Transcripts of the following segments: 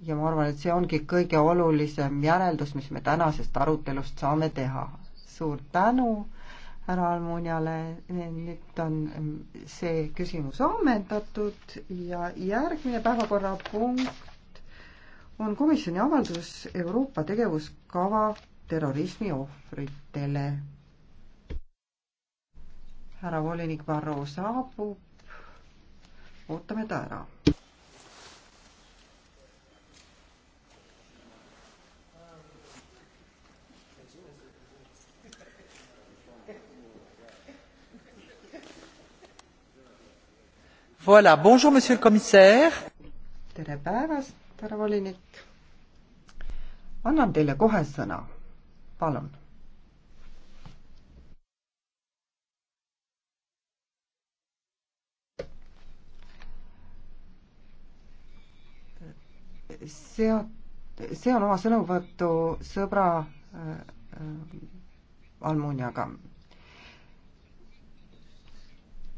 ja ma arvan, et see ongi kõige olulisem järeldus, mis me tänasest arutelust saame teha. suur tänu härra Almuniale, nüüd on mm, see küsimus ammendatud ja järgmine päevakorrapunkt on komisjoni avaldus Euroopa tegevuskava terrorismi ohvritele. härra volinik Varro saabub, ootame ta ära Voilà, bonjour monsieur le commissaire. tere päevast, härra volinik. annan teile kohe sõna. palun. sead, sean oma sõnavõttu sõbra äh, äh, Almuniaga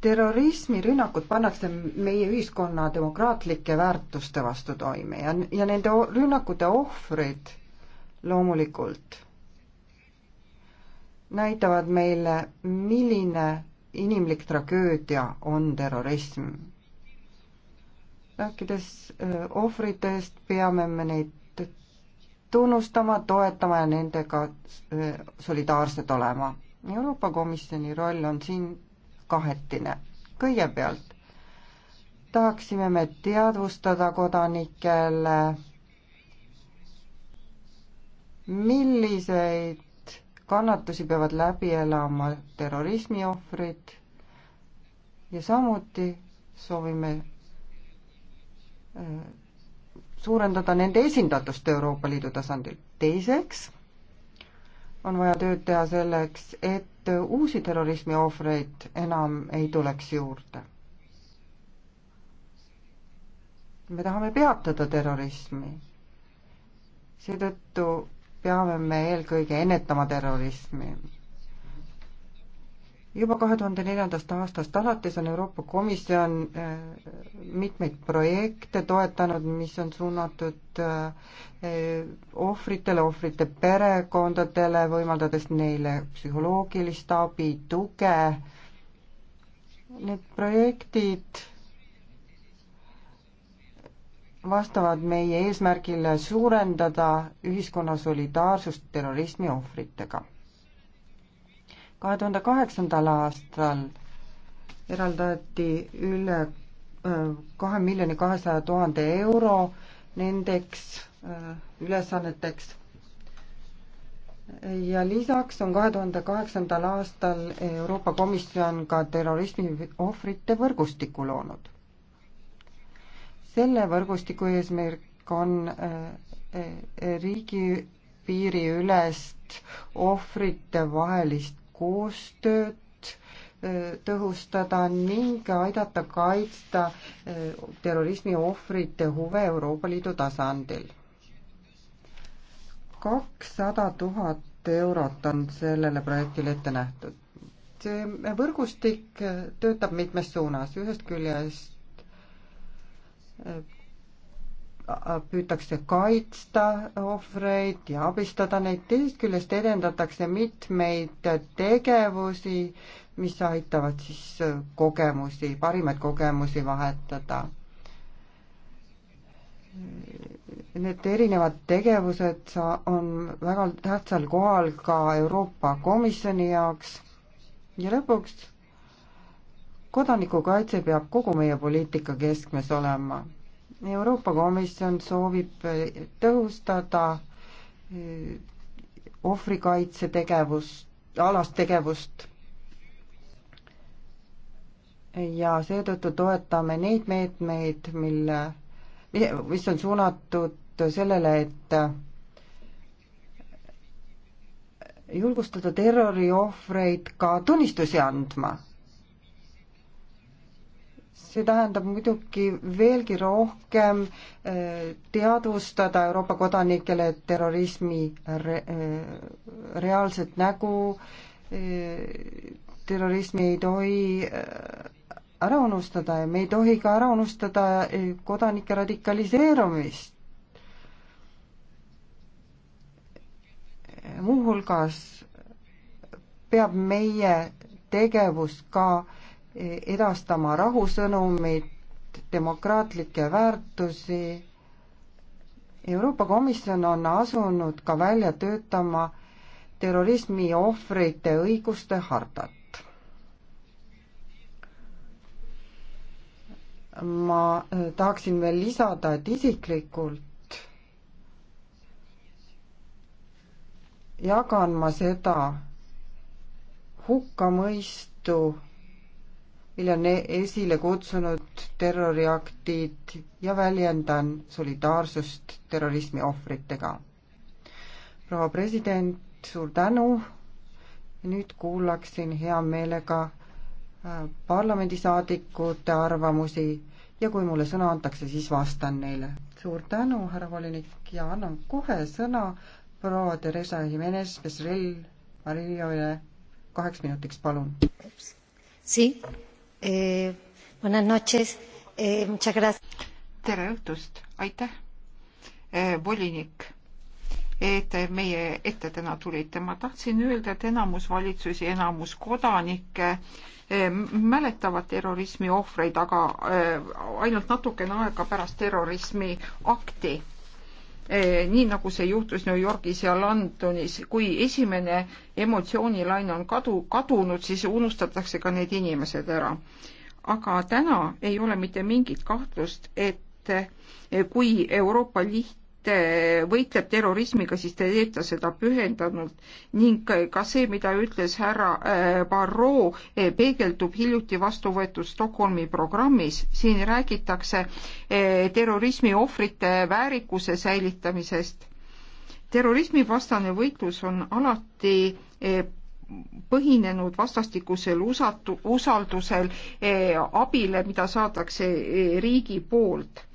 terrorismirünnakud pannakse meie ühiskonna demokraatlike väärtuste vastu toime ja, ja nende rünnakute ohvrid loomulikult näitavad meile, milline inimlik tragöödia on terrorism. rääkides ohvritest, peame me neid tunnustama, toetama ja nendega solidaarsed olema. Euroopa Komisjoni roll on siin kahetine. kõigepealt tahaksime me teadvustada kodanikele, milliseid kannatusi peavad läbi elama terrorismi ohvrid ja samuti soovime äh, suurendada nende esindatust Euroopa Liidu tasandil. teiseks on vaja tööd teha selleks, et uusi terrorismi ohvreid enam ei tuleks juurde. me tahame peatada terrorismi. seetõttu peame me eelkõige ennetama terrorismi juba kahe tuhande neljandast aastast alates on Euroopa Komisjon äh, mitmeid projekte toetanud, mis on suunatud äh, ohvritele, ohvrite perekondadele, võimaldades neile psühholoogilist abi, tuge. Need projektid vastavad meie eesmärgile suurendada ühiskonna solidaarsust terrorismi ohvritega kahe tuhande kaheksandal aastal eraldati üle kahe miljoni kahesaja tuhande euro nendeks ülesanneteks. ja lisaks on kahe tuhande kaheksandal aastal Euroopa Komisjon ka terrorismi ohvrite võrgustiku loonud. selle võrgustiku eesmärk on e, e, riigipiiriülest ohvrite vahelist koostööd tõhustada ning aidata kaitsta terrorismi ohvrite huve Euroopa Liidu tasandil. kakssada tuhat eurot on sellele projektile ette nähtud. see võrgustik töötab mitmes suunas, ühest küljest püütakse kaitsta ohvreid ja abistada neid, teisest küljest edendatakse mitmeid tegevusi, mis aitavad siis kogemusi, parimaid kogemusi vahetada need erinevad tegevused on väga tähtsal kohal ka Euroopa Komisjoni jaoks ja lõpuks kodanikukaitse peab kogu meie poliitika keskmes olema Euroopa Komisjon soovib tõhustada eh, ohvrikaitse tegevust, alast tegevust ja seetõttu toetame neid meetmeid, mille, mis on suunatud sellele, et julgustada terroriohvreid ka tunnistusi andma see tähendab muidugi veelgi rohkem eh, teadvustada Euroopa kodanikele terrorismi re, eh, reaalset nägu, eh, terrorismi ei tohi ära unustada ja me ei tohi ka ära unustada kodanike radikaliseerumist. muuhulgas peab meie tegevus ka äh, Eh, edastama rahusõnumit, demokraatlikke väärtusi. Euroopa Komisjon on asunud ka välja töötama terrorismi ohvrite õiguste hardat. ma eh, tahaksin veel lisada, et isiklikult jagan ma seda hukkamõistu mille on e-, esile kutsunud terroriaktid ja väljendan solidaarsust terrorismi ohvritega. proua president, suur tänu. nüüd kuulaksin hea meelega äh, parlamendisaadikute arvamusi ja kui mulle sõna antakse, siis vastan neile. suur tänu, härra volinik ja annan kohe sõna proua Theresa Jimenez Pesrel Mariole kaheks minutiks, palun. Sí, si eh,. Buenas noches eh,, muchas gracias. tere õhtust, aitäh eh,, volinik et meie ette täna tulite. ma tahtsin öelda, et enamus valitsusi, enamus kodanikke eh, mäletavad terrorismi ohvreid, aga eh, ainult natukene aega pärast terrorismi akti Eh, nii nagu see juhtus New Yorgis ja Londonis, kui esimene emotsioonilaine on kadu, kadunud, siis unustatakse ka need inimesed ära. aga täna ei ole mitte mingit kahtlust, et eh, kui Euroopa Liit võitleb terrorismiga, siis ta teeb ta seda pühendunult ning ka see, mida ütles härra äh, Barrot, äh, peegeldub hiljuti vastu võetud Stockholmi programmis. siin räägitakse äh, terrorismi ohvrite väärikuse säilitamisest. terrorismivastane võitlus on alati põhinenud vastastikusel usatu, usaldusel, abile, mida saadakse riigi poolt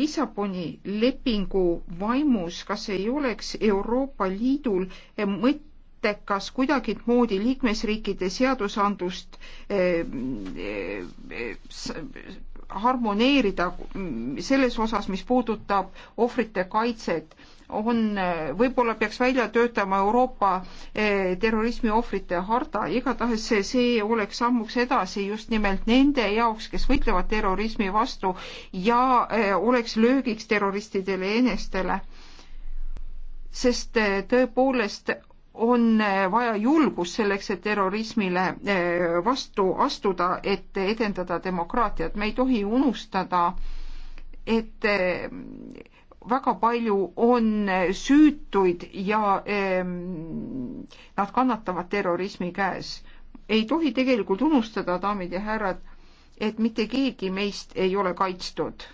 Lissaboni lepingu vaimus, kas ei oleks Euroopa Liidul mõttekas kuidagimoodi liikmesriikide seadusandlust eh, eh, harmoneerida selles osas, mis puudutab ohvrite kaitset on, võib-olla peaks välja töötama Euroopa eh, terrorismi ohvrite harta, igatahes see, see oleks sammuks edasi just nimelt nende jaoks, kes võitlevad terrorismi vastu ja eh, oleks löögiks terroristidele enestele. sest eh, tõepoolest on vaja julgust selleks, et terrorismile vastu astuda, et edendada demokraatiat, me ei tohi unustada, et väga palju on süütuid ja ähm, nad kannatavad terrorismi käes. ei tohi tegelikult unustada, daamid ja härrad, et mitte keegi meist ei ole kaitstud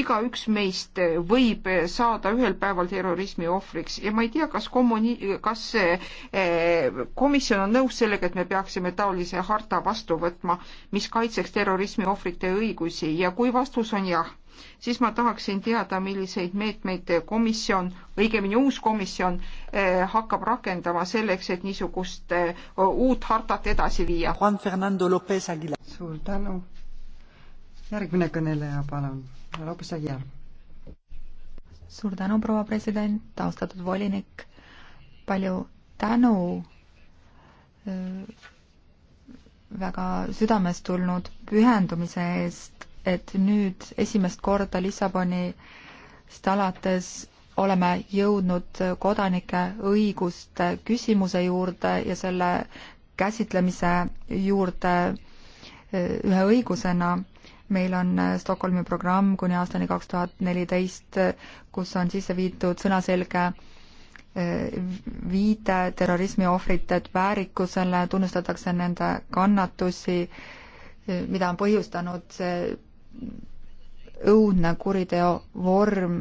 igaüks meist võib saada ühel päeval terrorismi ohvriks ja ma ei tea, kas kommuni-, kas eh, komisjon on nõus sellega, et me peaksime taolise harta vastu võtma, mis kaitseks terrorismi ohvrite õigusi ja kui vastus on jah, siis ma tahaksin teada, milliseid meetmeid komisjon, õigemini uus komisjon eh, hakkab rakendama selleks, et niisugust eh, uut hartat edasi viia. suur tänu järgmine kõneleja, palun, Lopes Aguiar. suur tänu, proua president, austatud volinik, palju tänu väga südamest tulnud pühendumise eest, et nüüd esimest korda Lissabonist alates oleme jõudnud kodanike õiguste küsimuse juurde ja selle käsitlemise juurde ühe õigusena meil on äh, Stockholmi programm kuni aastani kaks tuhat neliteist, äh, kus on sisse viidud sõnaselge äh, viide terrorismi ohvrite väärikusele, tunnustatakse nende kannatusi, mida on põhjustanud see õudne kuriteo vorm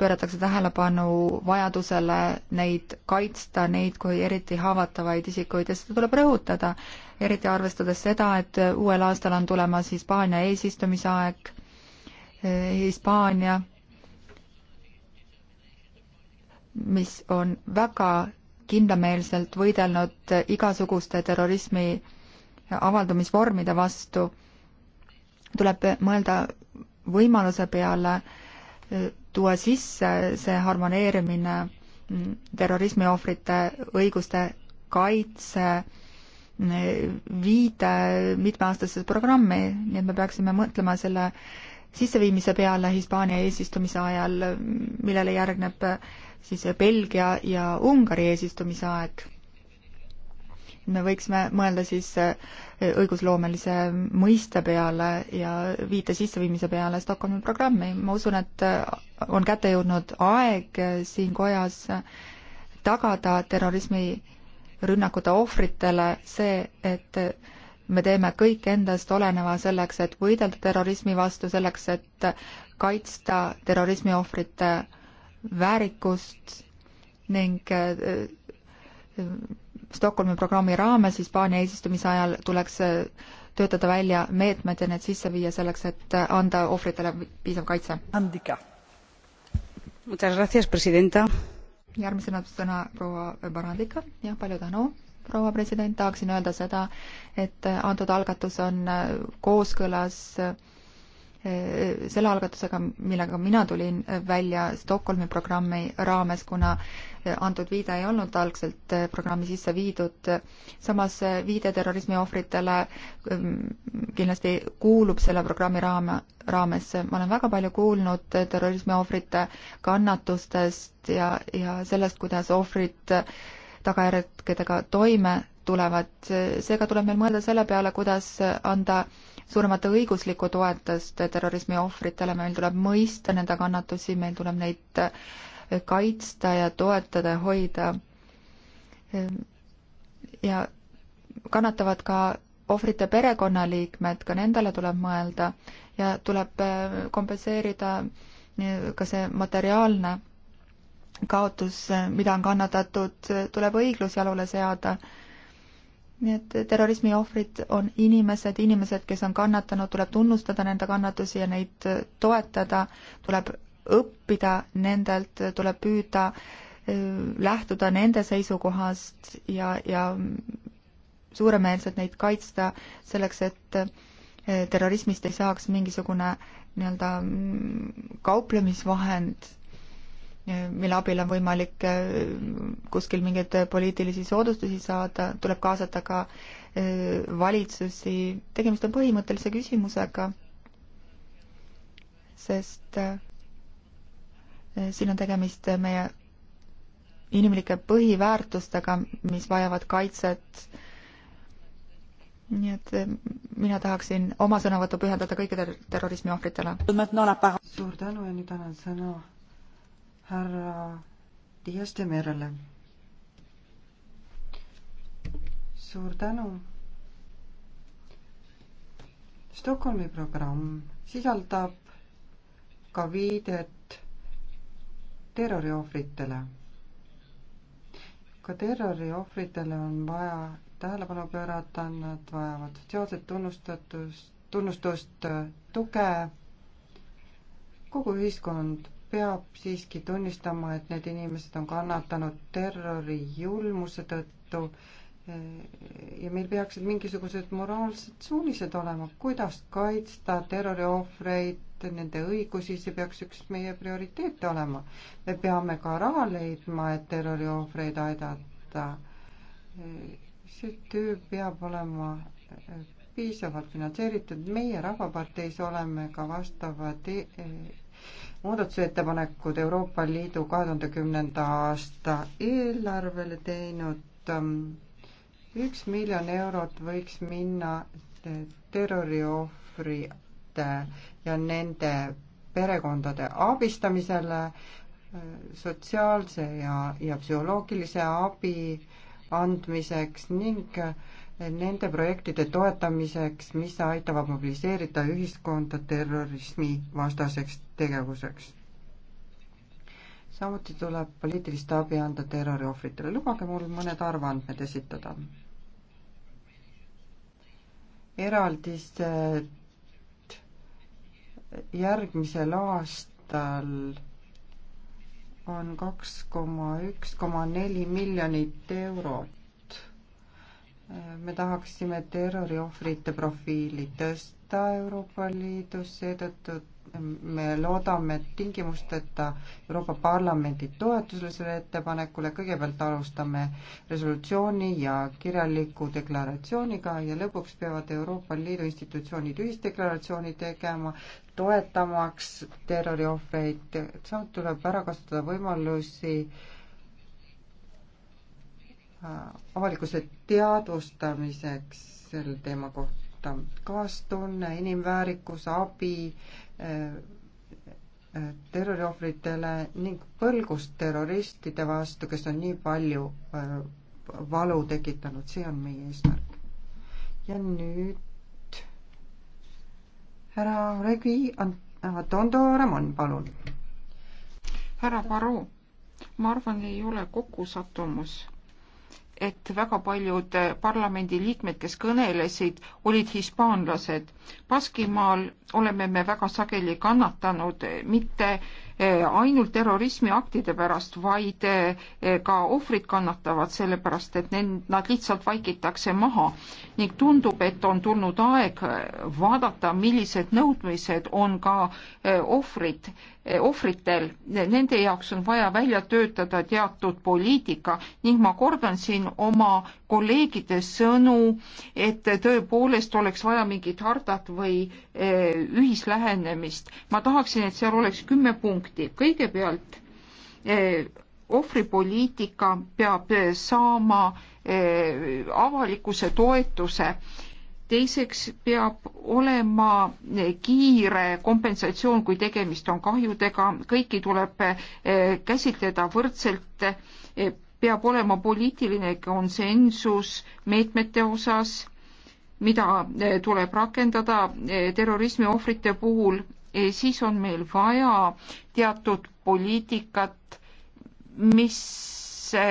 pööratakse tähelepanu vajadusele neid kaitsta, neid kui eriti haavatavaid isikuid ja seda tuleb rõhutada, eriti arvestades seda, et uuel aastal on tulemas Hispaania eesistumise aeg, eh, Hispaania, mis on väga kindlameelselt võidelnud igasuguste terrorismi avaldumisvormide vastu, tuleb mõelda võimaluse peale eh, tuua sisse see harmoneerimine terrorismiohvrite õiguste kaitse viide mitmeaastasesse programmi, nii et me peaksime mõtlema selle sisseviimise peale Hispaania eesistumise ajal, millele järgneb siis Belgia ja Ungari eesistumise aeg me võiksime mõelda siis eh, õigusloomelise mõiste peale ja viite sisseviimise peale Stockholmi programmi. ma usun, et eh, on kätte jõudnud aeg eh, siin kojas tagada terrorismirünnakute ohvritele see, et me teeme kõik endast oleneva selleks, et võidelda terrorismi vastu, selleks, et kaitsta terrorismi ohvrite väärikust ning Stockholmi programmi raames Hispaania eesistumise ajal tuleks äh, töötada välja meetmed ja need sisse viia selleks, et äh, anda ohvritele piisav kaitse. järgmisena sõna proua Barandika, jah, palju tänu proua president, tahaksin öelda seda, et äh, antud algatus on kooskõlas Äh, selle algatusega, millega mina tulin äh, välja Stockholmi programmi raames, kuna äh, antud viide ei olnud algselt programmi sisse viidud. samas viide terrorismi ohvritele ähm, kindlasti kuulub selle programmi raame, raamesse. ma olen väga palju kuulnud terrorismi ohvrite kannatustest ja, ja sellest, kuidas ohvrid tagajärgedega toime tulevad. seega tuleb meil mõelda selle peale, kuidas anda suuremat õiguslikku toetust terrorismi ohvritele, meil tuleb mõista nende kannatusi, meil tuleb neid kaitsta ja toetada ja hoida. ja kannatavad ka ohvrite perekonnaliikmed, ka nendele tuleb mõelda ja tuleb äh, kompenseerida äh, ka see materiaalne kaotus, äh, mida on kannatatud, tuleb õiglus jalule seada nii et terrorismi ohvrid on inimesed, inimesed, kes on kannatanud, tuleb tunnustada nende kannatusi ja neid toetada, tuleb õppida nendelt, tuleb püüda äh, lähtuda nende seisukohast ja, ja suuremeelselt neid kaitsta selleks, et äh, terrorismist ei saaks mingisugune nii-öelda mm, kauplemisvahend mille abil on võimalik äh, kuskil mingeid poliitilisi soodustusi saada, tuleb kaasata ka äh, valitsusi, tegemist on põhimõttelise küsimusega, sest äh, siin on tegemist meie inimlike põhiväärtustega, mis vajavad kaitset. nii et mina tahaksin oma sõnavõttu pühendada kõikidele terrorismi ohvritele. suur tänu ja nüüd annan sõna härra Dias de Merele. suur tänu. Stockholmi programm sisaldab ka viidet terroriohvritele. ka terroriohvritele on vaja tähelepanu pöörata, nad vajavad sotsiaalset tunnustatust, tunnustust, tuge. kogu ühiskond peab siiski tunnistama, et need inimesed on kannatanud terrori julmuse tõttu eh, ja meil peaksid mingisugused moraalsed suunised olema, kuidas kaitsta terroriohvreid, nende õigusi, see peaks üks meie prioriteete olema. me peame ka raha leidma, et terroriohvreid aidata. Eh, see töö peab olema eh, piisavalt finantseeritud, meie Rahvaparteis oleme ka vastavad e muudatusettepanekud Euroopa Liidu kahe tuhande kümnenda aasta eelarvele teinud. Ähm, üks miljon eurot võiks minna terroriohvrite ja nende perekondade abistamisele, äh, sotsiaalse ja, ja psühholoogilise abi andmiseks ning äh, nende projektide toetamiseks, mis aitavad mobiliseerida ühiskonda terrorismi vastaseks tegevuseks. samuti tuleb poliitilist abi anda terroriohvritele. lubage mul mõned arvandmed esitada. eraldised järgmisel aastal on kaks koma üks koma neli miljonit eurot me tahaksime terroriohvrite profiili tõsta Euroopa Liidus, seetõttu me loodame tingimusteta Euroopa Parlamendi toetusele sellele ettepanekule, kõigepealt alustame resolutsiooni ja kirjaliku deklaratsiooniga ja lõpuks peavad Euroopa Liidu institutsioonid ühisdeklaratsiooni tegema, toetamaks terroriohvreid, samuti tuleb ära kasutada võimalusi äh, Äh, avalikkuse teadvustamiseks selle teema kohta, kaastunne, inimväärikus, abi äh, äh, terroriohvritele ning põlgus terroristide vastu, kes on nii palju valu tekitanud, see on meie eesmärk. ja nüüd härra Regi Antondo Ramon, palun. härra Paru, ma arvan, ei ole kokkusattumus et väga paljud parlamendiliikmed, kes kõnelesid, olid hispaanlased. Baskimaal oleme me väga sageli kannatanud mitte Äh, ainult terrorismiaktide pärast, vaid äh, ka ohvrid kannatavad selle pärast, et need, nad lihtsalt vaikitakse maha ning tundub, et on tulnud aeg äh, vaadata, millised nõudmised on ka ohvrid, ohvritel, nende jaoks on vaja välja töötada teatud poliitika ning ma kordan siin oma kolleegide sõnu, et tõepoolest oleks vaja mingit hardat või ühislähenemist. ma tahaksin, et seal oleks kümme punkti punkti. kõigepealt eh, ohvripoliitika peab eh, saama eh, avalikkuse toetuse teiseks peab olema kiire kompensatsioon, kui tegemist on kahjudega, kõiki tuleb käsitleda võrdselt, peab olema poliitiline konsensus meetmete osas, mida tuleb rakendada terrorismi ohvrite puhul E siis on meil vaja teatud poliitikat, mis e,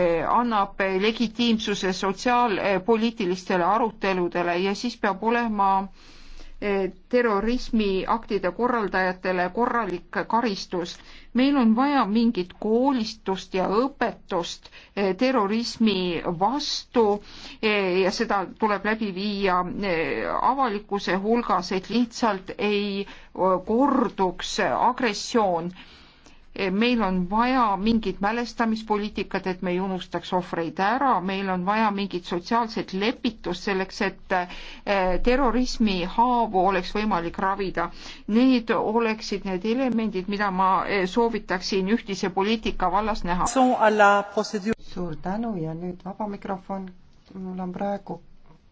e, annab legitiimsuse sotsiaalpoliitilistele aruteludele ja siis peab olema äh, terrorismiaktide korraldajatele korralik karistus. meil on vaja mingit koolistust ja õpetust eh, terrorismi vastu eh, ja seda tuleb läbi viia eh, avalikkuse hulgas, et lihtsalt ei korduks agressioon Eh, meil on vaja mingit mälestamispoliitikat, et me ei unustaks ohvreid ära, meil on vaja mingit sotsiaalset lepitust selleks, et eh, terrorismi haavu oleks võimalik ravida. Need oleksid need elemendid, mida ma eh, soovitaksin ühtise poliitika vallas näha. suur tänu ja nüüd vaba mikrofon. mul on praegu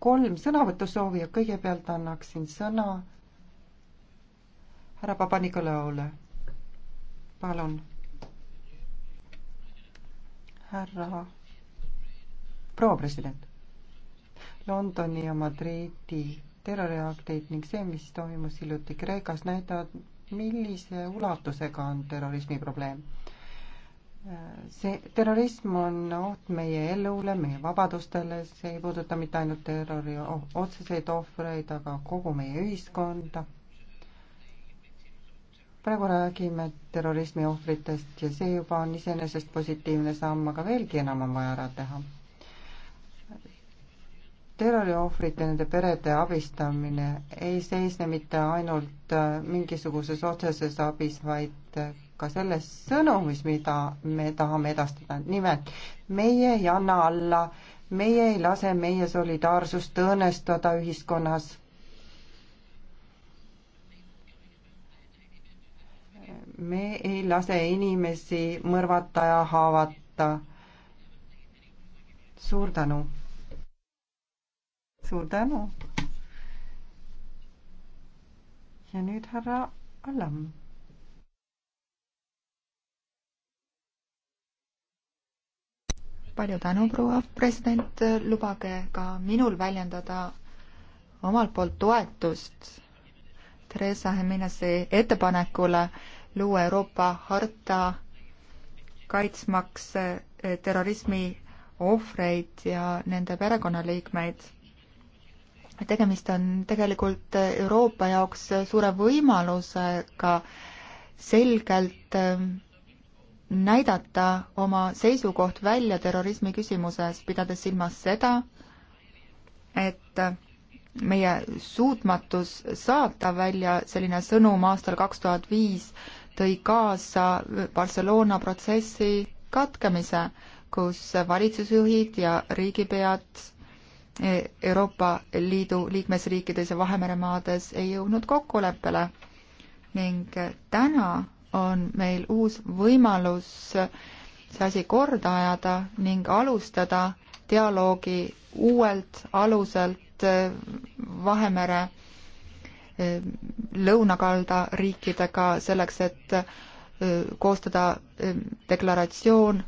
kolm sõnavõtusoovi ja kõigepealt annaksin sõna härra Papa-Nikolaule palun. härra, proua president. Londoni ja Madridi terroriakteid ning see, mis toimus hiljuti Kreekas, näitavad, millise ulatusega on terrorismi probleem. see terrorism on oht meie elule, meie vabadustele, see ei puuduta mitte ainult terrori otseseid ohvreid, aga kogu meie ühiskonda praegu räägime terrorismi ohvritest ja see juba on iseenesest positiivne samm, aga veelgi enam on vaja ära teha. terroriohvrite, nende perede abistamine ei seisne mitte ainult äh, mingisuguses otseses abis, vaid äh, ka selles sõnumis, mida me tahame edastada. nimelt, meie ei anna alla, meie ei lase meie solidaarsust õõnestada ühiskonnas me ei lase inimesi mõrvata ja haavata. suur tänu. suur tänu. ja nüüd härra Allam. palju tänu, proua president, lubage ka minul väljendada omalt poolt toetust Theresa Jimenez'i ettepanekule äh, luua Euroopa harta kaitsmaks eh, terrorismi ohvreid ja nende perekonnaliikmeid. tegemist on tegelikult Euroopa jaoks suure võimalusega selgelt eh, näidata oma seisukoht välja terrorismi küsimuses, pidades silmas seda, et meie suutmatus saata välja selline sõnum aastal kaks tuhat viis tõi kaasa Barcelona protsessi katkemise, kus valitsusjuhid ja riigipead e, Euroopa Liidu liikmesriikides ja Vahemere maades ei jõudnud kokkuleppele ning täna on meil uus võimalus see asi korda ajada ning alustada dialoogi uuelt aluselt Vahemere lõunakalda riikidega selleks, et koostada deklaratsioon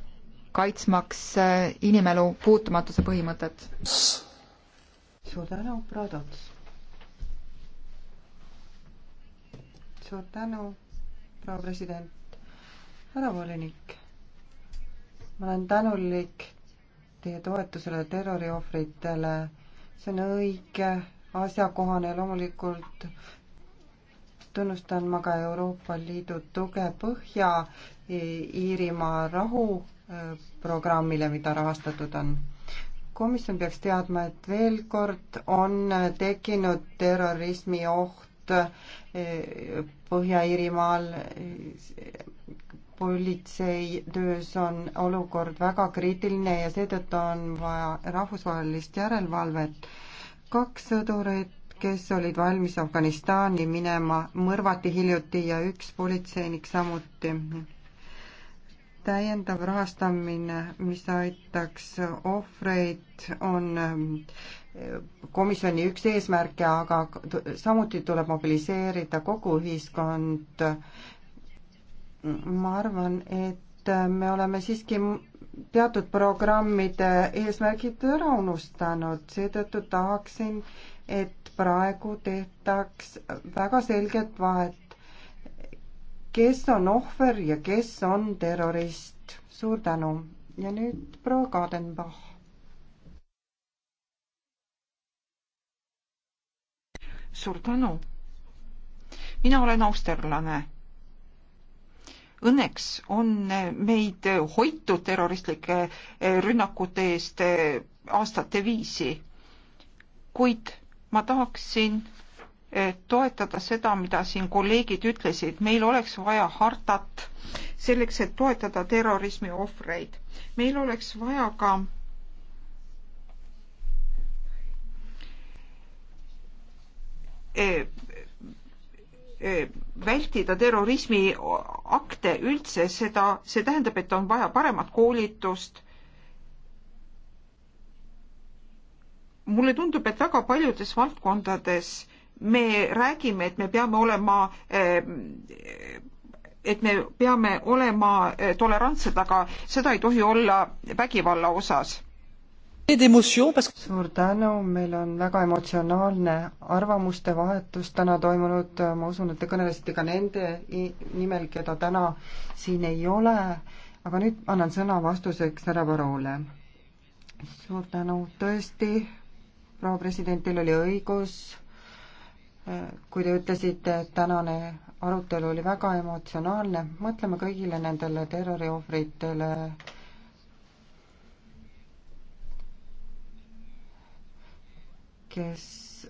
kaitsmaks inimelu puutumatuse põhimõtet. suur tänu, Pradats. suur tänu, proua president, härra volinik. ma olen tänulik teie toetusele terroriohvritele. see on õige asjakohane loomulikult tunnustan ma ka Euroopa Liidu tuge Põhja-Iirimaa rahuprogrammile, äh, mida rahastatud on. komisjon peaks teadma, et veel kord on äh, tekkinud terrorismi oht äh, Põhja-Iirimaal. politsei töös on olukord väga kriitiline ja seetõttu on vaja rahvusvahelist järelevalvet kaks sõdurit, kes olid valmis Afganistani minema, mõrvati hiljuti ja üks politseinik samuti. täiendav rahastamine, mis aitaks ohvreid, on ähm, komisjoni üks eesmärke, aga samuti tuleb mobiliseerida kogu ühiskond. ma arvan, et äh, me oleme siiski teatud programmide eesmärgid ära unustanud, seetõttu tahaksin, et praegu tehtaks väga selget vahet, kes on ohver ja kes on terrorist. suur tänu ja nüüd proua Kadenbach. suur tänu. mina olen austerlane õnneks on meid hoitud terroristlike eh, rünnakute eest eh, aastate viisi, kuid ma tahaksin eh, toetada seda, mida siin kolleegid ütlesid, meil oleks vaja hartat selleks, et toetada terrorismi ohvreid. meil oleks vaja ka vältida terrorismiakte üldse, seda, see tähendab, et on vaja paremat koolitust. mulle tundub, et väga paljudes valdkondades me räägime, et me peame olema et me peame olema tolerantsed, aga seda ei tohi olla vägivalla osas suur tänu, meil on väga emotsionaalne arvamuste vahetus täna toimunud, ma usun, et te kõnelesite ka nende nimel, keda täna siin ei ole, aga nüüd annan sõna vastuseks härra Varole. suur tänu, tõesti, proua president, teil oli õigus, kui te ütlesite, et tänane arutelu oli väga emotsionaalne, mõtleme kõigile nendele terroriohvritele, kes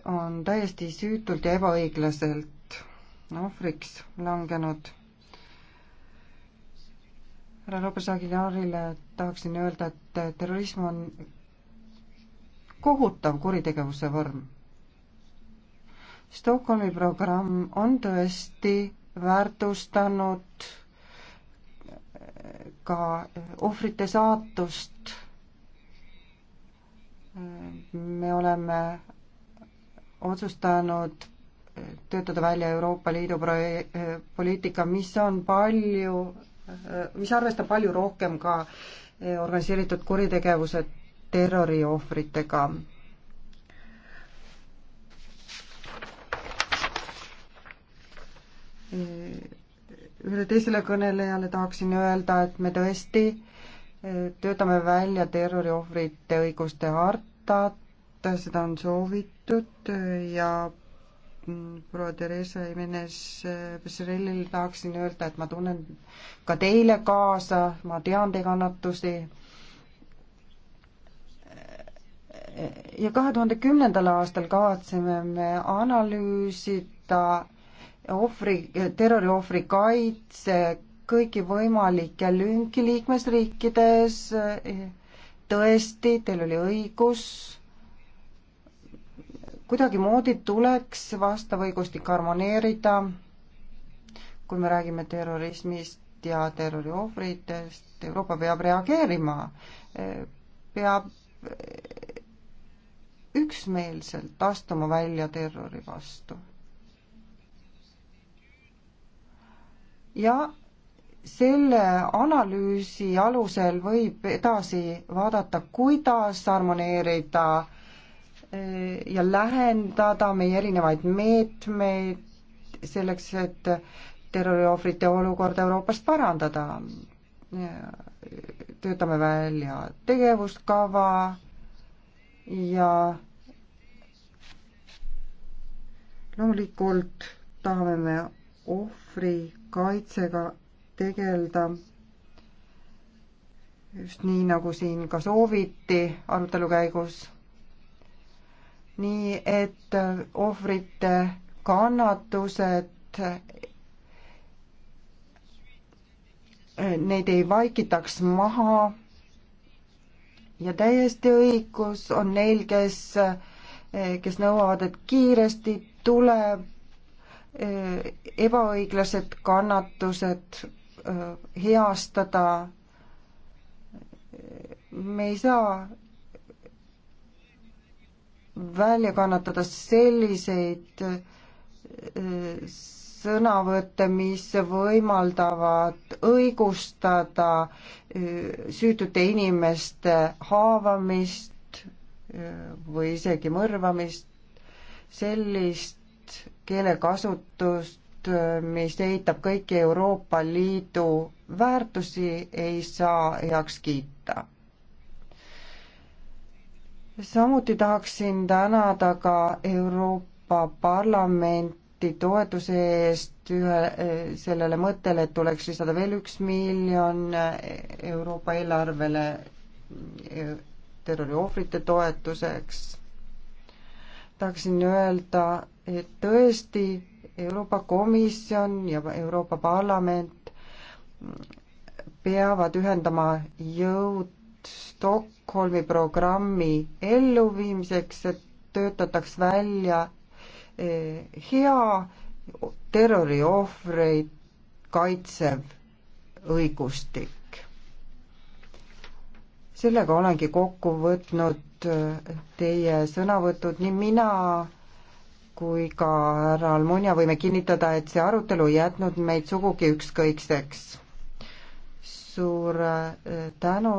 on täiesti süütult ja ebaõiglaselt ohvriks langenud. härra Lopez Aguilarile tahaksin öelda, et terrorism on kohutav kuritegevuse vorm. Stockholmi programm on tõesti väärtustanud ka ohvrite saatust. me oleme otsustanud töötada välja Euroopa Liidu proje-, poliitika, mis on palju, mis arvestab palju rohkem ka eh, organiseeritud kuritegevuse terrori ohvritega. Eh, ühele teisele kõnelejale tahaksin öelda, et me tõesti eh, töötame välja terroriohvrite õiguste hartat, seda on soovit-, tehtud ja proua Theresa Jimenez Pesarellil tahaksin öelda, et ma tunnen ka teile kaasa, ma tean teie kannatusi. ja kahe tuhande kümnendal aastal kavatseme me analüüsida ohvri, terroriohvri kaitse kõiki võimalikke lünki liikmesriikides. tõesti, teil oli õigus kuidagimoodi tuleks vastav õigustik harmoneerida, kui me räägime terrorismist ja terrori ohvritest, Euroopa peab reageerima, peab üksmeelselt astuma välja terrori vastu. ja selle analüüsi alusel võib edasi vaadata, kuidas harmoneerida ja lähendada meie erinevaid meetmeid selleks, et terroriohvrite olukorda Euroopas parandada. töötame välja tegevuskava ja loomulikult tahame me ohvrikaitsega tegeleda just nii, nagu siin ka sooviti arutelu käigus nii et äh, ohvrite kannatused, äh, neid ei vaikitaks maha ja täiesti õigus on neil, kes, äh, kes nõuavad, et kiiresti tuleb ebaõiglased kannatused heastada. me ei saa välja kannatada selliseid äh, sõnavõtte, mis võimaldavad õigustada äh, süütute inimeste haavamist äh, või isegi mõrvamist, sellist keelekasutust, mis eitab kõiki Euroopa Liidu väärtusi, ei saa heaks kiita samuti tahaksin tänada ka Euroopa Parlamenti toetuse eest ühe, sellele mõttele, et tuleks lisada veel üks miljon Euroopa eelarvele terroriohvrite toetuseks. tahaksin öelda, et tõesti Euroopa Komisjon ja Euroopa Parlament peavad ühendama jõud Stockholmi Stockholmi programmi elluviimiseks, et töötataks välja eh, hea terroriohvreid kaitsev õigustik. sellega olengi kokku võtnud eh, teie sõnavõtud, nii mina kui ka härra Almunia võime kinnitada, et see arutelu ei jätnud meid sugugi ükskõikseks. suur eh, tänu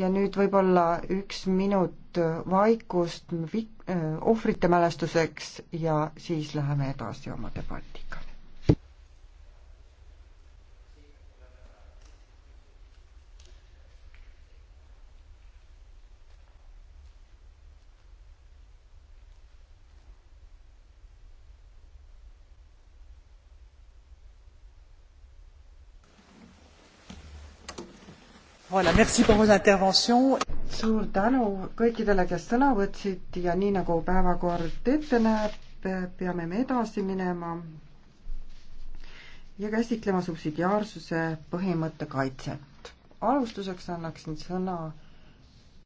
ja nüüd võib-olla üks minut vaikust äh, ohvrite mälestuseks ja siis läheme edasi oma debatiga. Voilà, merci pour vos interventions. suur tänu kõikidele, kes sõna võtsid ja nii nagu päevakord ette näeb, peame me edasi minema ja käsitlema subsidiaarsuse põhimõtte kaitset. alustuseks annaksin sõna